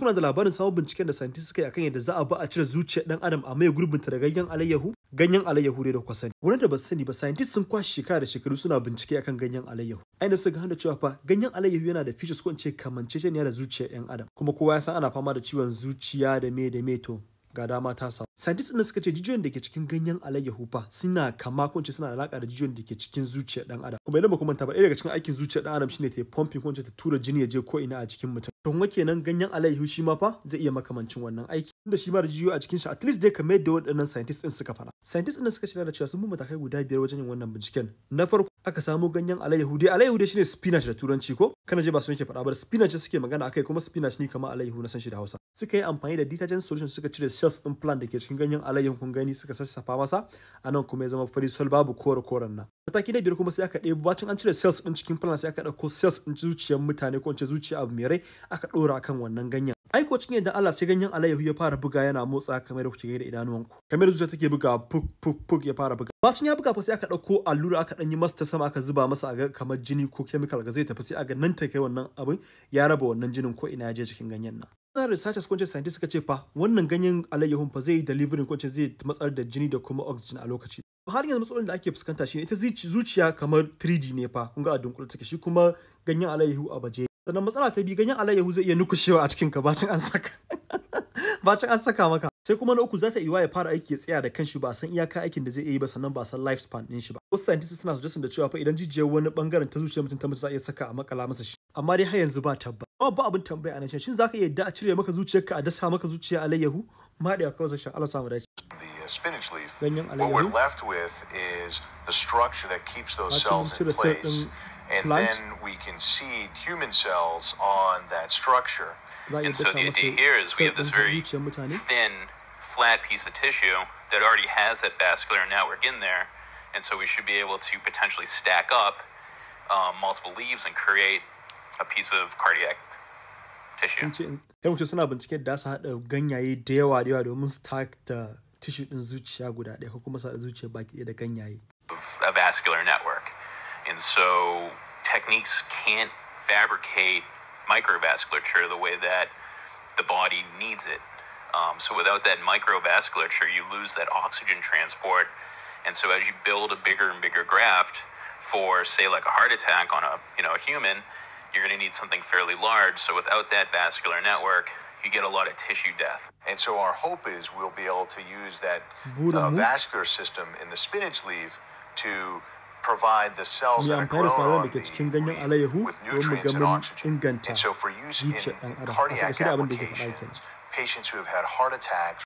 kuna da labarin sabon binciken da scientists suka yi akan yadda za a ba a cire zuciyar dan adam a maye gurbin da ganyen alayyahu ganyen alayyahu ne da kwasani. sani wanda da ba sani ba scientists sun kwashe shekara da shekaru suna bincike akan ganyen alayyahu aina suka hana cewa fa ganyen alayyahu yana da features ko in ce kamanceceniya da zuciyar yan adam kuma kowa ya san ana fama da ciwon zuciya da me da me to ga dama ta samu. Scientists din suka ce jijiyoyin da ke cikin ganyen alayyahu fa suna kama ko suna alaka da jijiyoyin da ke cikin zuciyar ɗan adam. Kuma idan ba ku manta ba ɗaya daga cikin aikin zuciyar dan adam shine ta pumping ko ta tura jini ya je ko ina a cikin mutum. To wake nan ganyen alaihu shi ma fa zai iya makamancin wannan aikin. da shi ma da jiyo a shi at least dai kamar yadda waɗannan scientists din suka fara scientists din suka shirya da cewa sun bi matakai guda biyar wajen yin wannan binciken na farko aka samo ganyen alayyahu dai alayyahu dai shine spinach da turanci ko kana je ba su nake faɗa ba spinach suke magana akai kuma spinach ni kamar alayyahu na san shi da Hausa suka yi amfani da detergent solution suka cire cells din plant da ke cikin ganyen alayyahu kun gani suka sassafa masa anan kuma ya zama fari sol babu kore koren nan mataki na biyar kuma sai aka ɗebo bacin an cire cells din cikin plant sai aka ɗauko cells din zuciyar mutane ko in ce zuciya abu mai rai aka ɗora kan wannan ganyen aiko cikin yadda Allah sai ganyen alayyahu ya fara buga yana motsa kamar da kuke gani da ku. kamar zuciya take buga puk puk puk ya fara buga bacin ya buga fa sai aka dauko allura aka dan yi masa ta sama aka zuba masa aga kamar jini ko chemical ga zai tafi sai aga nan take wannan abin ya raba wannan jinin ko ina ya je cikin ganyen nan na researchers ko scientists suka ce fa wannan ganyen alayyahun fa zai yi delivering ko zai matsar da jini da kuma oxygen a lokaci har yanzu matsalolin da ake fuskanta ne ita zuciya kamar 3D ne fa kun ga a dunkule shi kuma ganyen alayyahu a baje sannan matsala ta biyu ganyen alayyahu zai iya nukushewa a cikin ka bacin an saka bacin an saka maka sai kuma na uku za ta iya ya fara aiki ya tsaya da kanshi ba a san iyaka aikin da zai iya yi ba sannan ba a san span din shi ba wasu scientists suna suggesting da cewa fa idan jijiyar wani bangaren ta zuciyar mutum ta mutu za a iya saka a makala masa shi amma dai har yanzu ba tabba amma ba abin tambaya a nan shin ka iya yadda a cire maka zuciyarka a dasa maka zuciya alayyahu ma da kawai sha Allah samu dace uh, spinach leaf ganyen alayyahu what we're left with is the structure that keeps those cells in place and plant. then we can seed human cells on that structure. And so the idea here is we have this very thin, flat piece of tissue that already has that vascular network in there, and so we should be able to potentially stack up um, multiple leaves and create a piece of cardiac tissue. Yan wuce suna binciken da su haɗa ganyaye da yawa da yawa domin su takta tissue ɗin zuciya guda ɗaya ko kuma su haɗa zuciya baki ɗaya da ganyaye. A vascular network. And so techniques can't fabricate microvasculature the way that the body needs it. Um, so without that microvasculature, you lose that oxygen transport. And so as you build a bigger and bigger graft for, say, like a heart attack on a you know a human, you're going to need something fairly large. So without that vascular network, you get a lot of tissue death. And so our hope is we'll be able to use that uh, vascular system in the spinach leaf to ya amfani da sinadaran da ke patients who have had heart attacks.